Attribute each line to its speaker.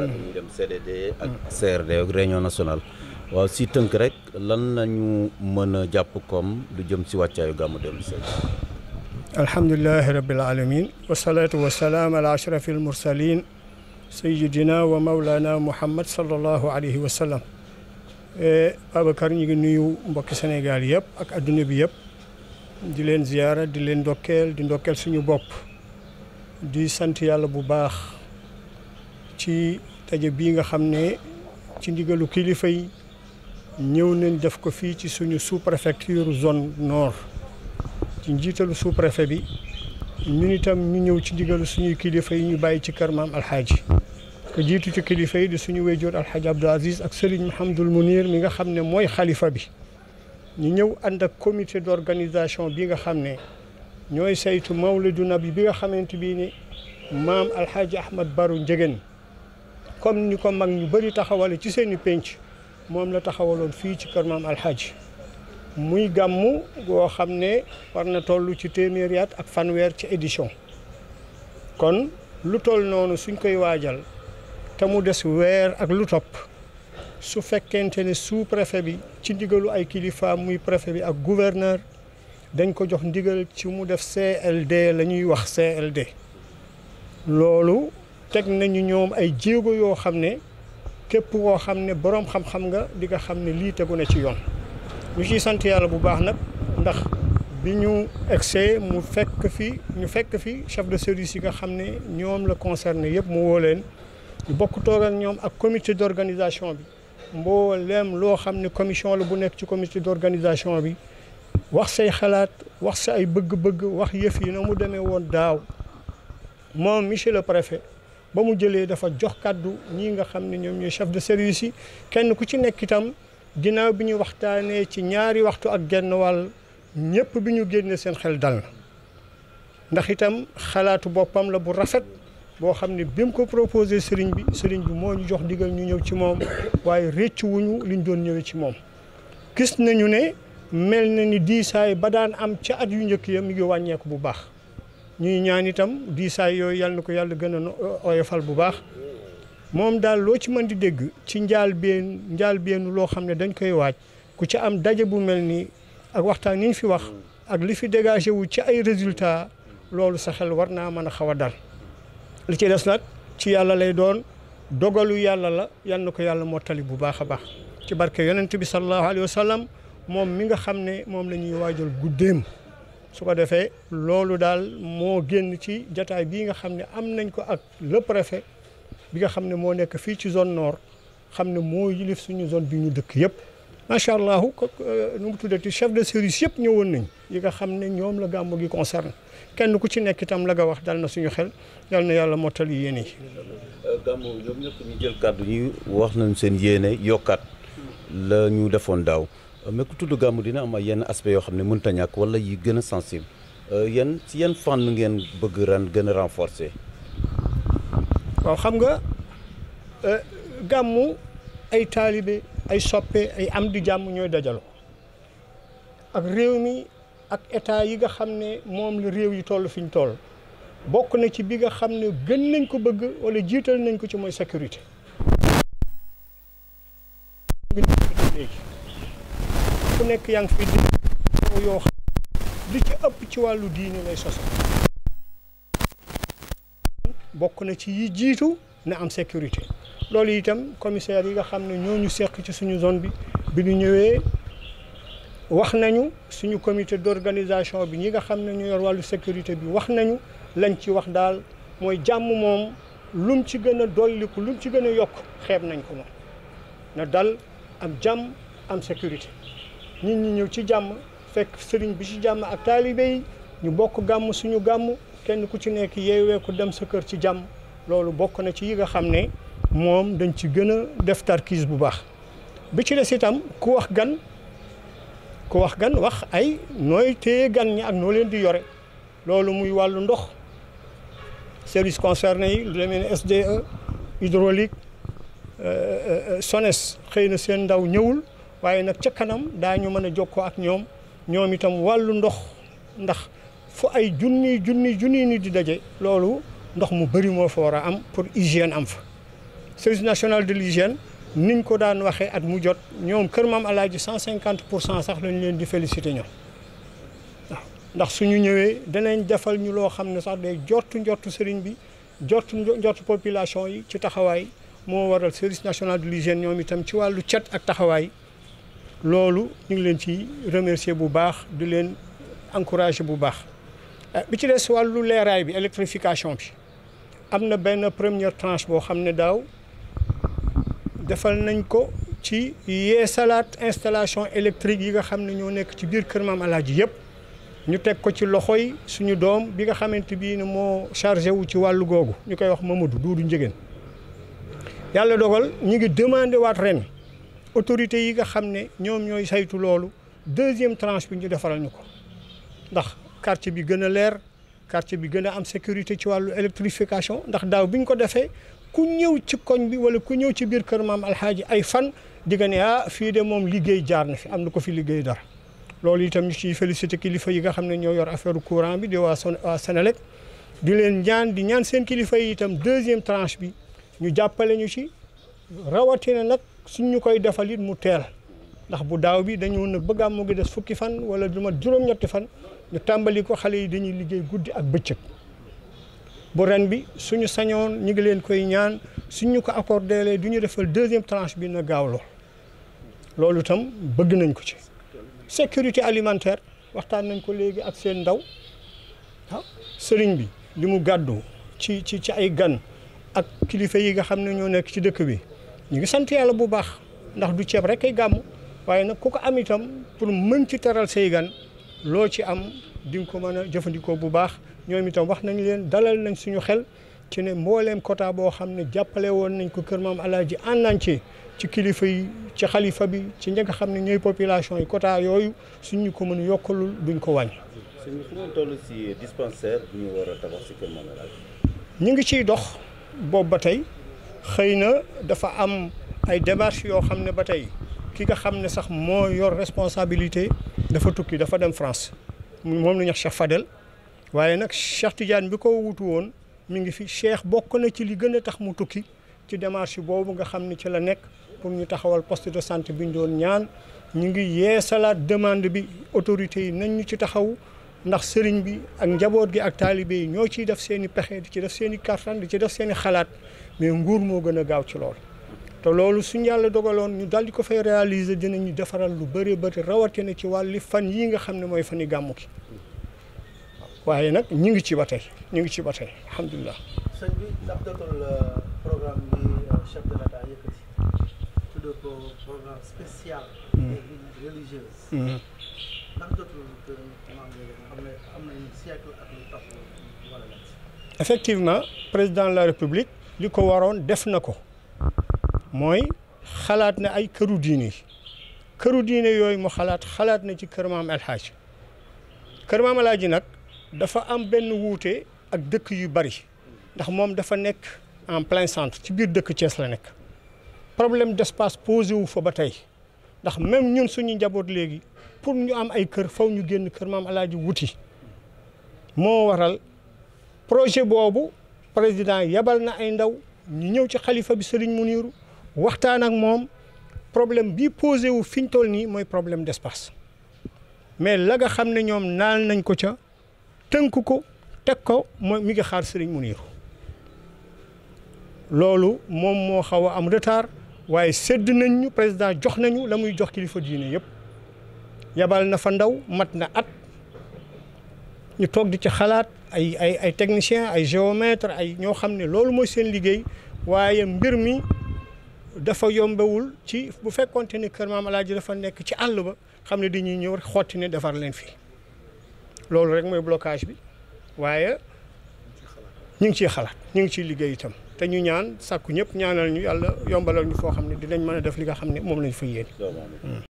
Speaker 1: laata mm. ñuy ak mm. CRD ak réunion nationale waaw si tënk rek lan nañu mën a jàpp comme du jëm si wàccaayu gàmmu dellu si alhamdulilahi rabbil alamin wasalaatu wasalaam ala ashrafi almursalin sayidina wa maulana muhammad sallallahu alayhi wa sallam e, Babacar ñu ngi nuyu mbokki senegal yëpp ak adduna bi yëpp di leen ziyaara di leen ndokkeel di ndokkeel suñu bopp di sant yàlla bu baax ci taje bii nga xam ne ci ndigalu kilifa yi ñëw nañ def ko fii ci suñu sous-préfecture zone nord ci njiitalu sous-préfet bi ñun itam ñu ñëw ci ndigalu suñuy kilifa yi ñu bàyyi ci kër maam alxaaji ko jiitu ci kilifa di suñu wéjjoor alxaaji Abdou Aziz ak Serigne Mahamadul Munir mi nga xam ne mooy xalifa bi ñu ñëw ànd ak comité d'organisation bi nga xam ne ñooy saytu mawlidu nabi bi nga xamante bii ni maam alxaaji Ahmad Baru Njegen comme ni ko mag ñu bari taxawale ci seeni pénc moom la taxawaloon fii ci kër maam alxaaji muy gàmmu goo xam ne war na toll ci téeméeri at ak fanweer ci édition kon lu toll noonu suñ koy waajal te mu des weer ak lu topp su fekkente ne sous préfet bi ci ndigalu ay kilifa muy préfet bi ak gouverneur dañ ko jox ndigal ci mu def CLD la ñuy wax CLD loolu teg nañu ñoom ay jéego yoo xam ne képp woo xam ne boroom xam-xam nga di nga xam ne lii tegu na ci yoon ñu ciy sant yàlla bu baax nag ndax bi ñu egsee mu fekk fi ñu fekk fi chef de service yi nga xam ne ñoom la concerné yëpp mu woo leen ñu bokk toog ak ñoom ak comité d'organisation bi mbooleem loo xam ne commission la bu nekk ci comité d'organisation bi wax say xalaat wax sa ay bëgg-bëgg wax yëf yi na mu demee woon daaw moom monsieur le préfet ba mu jëlee dafa jox kàddu ñii nga xam ne ñoom ñooy chef de service yi kenn ku ci nekk itam ginnaaw bi ñu waxtaanee ci ñaari waxtu ak genn wàll ñëpp bi ñu génnee seen xel dal na ndax itam xalaatu boppam la bu rafet boo xam ne bi mu ko proposé sëriñ bi sëriñ bi moo ñu jox digal ñu ñëw ci moom waaye réccu wuñu liñ doon ñëwee ci moom gis nañu ne mel na ni diisaay ba daan am ca at yu njëkk ya mu ngi wàññeeku bu baax ñuy ñaan itam diisaay yooyu yàlla na ko yàlla gën a oyofal bu baax moom daal loo ci mën di dégg ci njaal been njaal beenu loo xam ne dañ koy waaj ku ca am daje bu mel ni ak waxtaan ni fi wax ak li fi dégagé wu ci ay résultats loolu sa xel war naa mën a xaw a dal li ci des nag ci yàlla lay doon dogalu yàlla la yal na ko yàlla mottali bu baax a baax ci barke yonent bi sallallahu alayhi wa sallam moom mi nga xam ne moom la ñuy waajal guddeem su ko defee loolu daal moo génn ci jataay bii nga xam ne am nañ ko ak le préfet bi nga xam ne moo nekk fii ci zone noor xam ne moo yilif suñu zone bii ñu dëkk yëpp macha allah nu mu tuddati chef de service yëpp ñëwoon nañ yi nga xam ne ñoom la gàmmu gi concerne kenn ku ci nekk tam la nga wax dal na suñu xel dal na yàlla mottal yéene yi. Euh, gàmmu ñoom ñëpp ñu jël kàddu yi wax nañ seen yéene yokkaat la ñu defoon daaw. mais ku tudd gàmmu dina am ay yenn aspect yoo xam ne mënut a ñàkk wala yi gën a sensible euh, ci si yan fànn ngeen bëgg ren gën a renforcer. waaw xam nga euh, gàmmu ay taalibe ay soppe ay am du jàmm ñooy dajaloo ak réew mi ak état yi nga xam ne moom la réew yi toll fi ñu toll bokk na ci bi nga xam ne gën nañ ko bëgg wala jiital nañ ko ci mooy sécurité. nekk yaa ngi fiy déglu yoo xam li ci ëpp ci wàllu diini lay soso bokk na ci yi jiitu na am sécurité loolu itam commissaire yi nga xam ne ñoo ñu seq ci suñu zone bi bi ñu ñëwee wax nañu suñu comité d'organisation bi ñi nga xam ne ñu yor wàllu sécurité bi wax nañu lañ ci wax daal mooy jàmm moom lum ci gën a dolliku lum ci gën a yokk xeeb nañ ko moom na dal am jàmm am sécurité ñun ñu ñëw ci jàmm fekk sëriñ bi ci jàmm ak taalibe ñu bokk gàmm suñu gàmm kenn ku ci nekk yeewee ku dem sa kër ci jàmm loolu bokk na ci yi nga xam ne moom dañ ci gën a def tarkiis bu baax bi ci des itam ku wax gan ku wax gan wax ay nooy téye gan ñi ak noo leen di yore loolu muy wàllu ndox service concerné yi lu demee ne SDE hydraulique euh, euh, euh, SONES xëy na seen ndaw ñëwul waaye nag ca kanam daañu mën a jokkoo ak ñoom ñoom itam wàllu ndox ndax fu ay junni junni junni ni di daje loolu ndox mu bëri moo fa war a am pour hygiène am fa service national de l'hygiène niñ ko daan waxee at mu jot ñoom kër maam alaaji cent cinquante pour cent sax lañ leen di féliciter ñoom waaw ndax suñu ñëwee danañ defal ñu loo xam ne sax day jortu njortu sëriñ bi jortu njortu yi ci taxawaay moo waral service national de l'hygiène ñoom itam ci wàllu cet ak taxawaay loolu ñu ngi leen ci remercier bu baax du leen encourager bu baax ah, bi ci des wàllu leeraay bi électrification bi am na benn première tranche boo xam ne daaw defal nañ ko ci yeesalaat installation électrique yi nga xam ne ñoo nekk ci biir kër Maam Alaaji yëpp ñu teg ko ci loxo yi suñu doom bi nga xamante bii ne moo chargé wu ci wàllu googu ñu koy wax Mamadou Doudou Njëgéen yàlla dogal ñu ngi demandé waat ren autorité yi nga xam ne ñoom ñooy saytu loolu deuxième tranche bi ñu defaral ñu ko ndax quartier bi gën a leer quartier bi gën a am sécurité ci wàllu électrification ndax daaw bi ñu ko defee ku ñëw ci koñ bi wala ku ñëw ci biir kër maam alxaaji ay fan di nga ah fii de moom liggéey jaar na fi am na ko fi liggéey dara loolu itam ñu ciy félicité kilifa yi nga xam ne ñoo yor affaire courant bi di waa waa Sénélec di leen ñaan di ñaan seen kilifa yi itam deuxième tranche bi ñu jàppale ñu ci rawatina nag suñ ñu koy defal it mu teel ndax bu daaw bi dañoo nag bëgg am mu ngi des fukki fan wala du ma juróom-ñetti fan ñu tàmbali ko xale yi dañuy liggéey guddi ak bëccëg bu ren bi suñu sañoon ñu ngi leen koy ñaan suñ ñu ko accordé du ñu defal deuxième tranche bi na gaaw loolu itam bëgg nañ ko ci sécurité alimentaire waxtaan nañ ko léegi ak seen ndaw ah, sëriñ bi li mu gàddu ci ci ci ay gan ak kilifa yi nga xam ne ñoo nekk ci dëkk bi ñu ngi sant yàlla bu baax ndax du ceeb rek kay gàmm waaye nag ku ko am itam pour mën ci teral say gan loo ci am di ko mën a jëfandikoo bu baax ñoom itam wax nañ leen dalal nañ suñu xel ci ne mbooleem quota boo xam ne jàppale woon nañ ko kër maam alaaji àndaan ci ci kilifa yi ci xalifa bi ci ñi nga xam ne ñooy population yi quota yooyu suñu ko mën yokkalul duñ ko wàññi. suñu si dispensaire ñu ngi ciy dox boobu ba tey. xëy na dafa am ay démarches yoo xam ne ba tey ki nga xam ne sax moo yor responsabilité dafa tukki dafa dem France moom la ñu wax Cheikh Fadel waaye nag Cheikh Tidiane bi ko wutu woon mu ngi fi Cheikh bokk na ci li gën a tax mu tukki ci démarche boobu nga xam ni ci la nekk pour ñu taxawal poste de santé bi ñu doon ñaan ñu ngi salaat demande bi autorités yi nañ ñu ci taxaw. ndax sëriñ bi ak njaboot gi ak taalibe yi ñoo ciy def seen i pexe di ci def seen i kartan di ci def seeni xalaat mais nguur moo gën a gaaw ci lool te loolu suñu yàlla dogaloon ñu daal di ko fay réaliser dinañu defaral lu bëree bëri rawatina ci wàlli fan yii nga xam ne mooy fan yi gàmmu ki waaye nag ñu ngi ci ba ñu ngi ci ba tey alhamdulilah. sëñ bi effectivement président la république li ko waroon def na ko mooy xalaat na ay këru diine këru diine yooyu mu xalaat xalaat na ci kër maam alxaaji kër maam alxaaji nag dafa am benn wuute ak dëkk yu bari ndax moom dafa nekk en plein centre ci biir dëkk Thiès la nekk problème d'espace posé wu fa ba tey ndax même ñun suñu njaboot léegi pour ñu am ay kër faw ñu génn kër maam alaaji wuti moo waral projet boobu président yebal na ay ndaw ñu ñëw ci xalifa bi Serigne Mouniru waxtaan ak moom problème bi posé wu fi ñu toll nii mooy problème d'espace mais la xam ne ñoom naan nañ ko ca tënk ko teg ko mooy mi ngi xaar mu Mouniru loolu moom moo xaw a am retard waaye sedd nañ ñu président jox nañu la muy jox kilifa diine yëpp. yabal na fa ndaw mat na at ñu toog di ci xalaat ay ay ay technicien ay géomètre ay ñoo xam ne loolu mooy seen liggéey waaye mbir mi dafa yombewul ci bu fekkonte ni Kër Maam Alaaji dafa nekk ci àll ba xam ne dañuy ñëw rek xotti ne defar leen fii loolu rek mooy blocage bi waaye ñu ngi ciy xalaat ñu ngi ciy liggéey itam te ñu ñaan sàkku ñëpp ñaanal ñu yàlla yombalal ñu foo xam ne dinañ mën a def li nga xam ne moom lañ fa yéene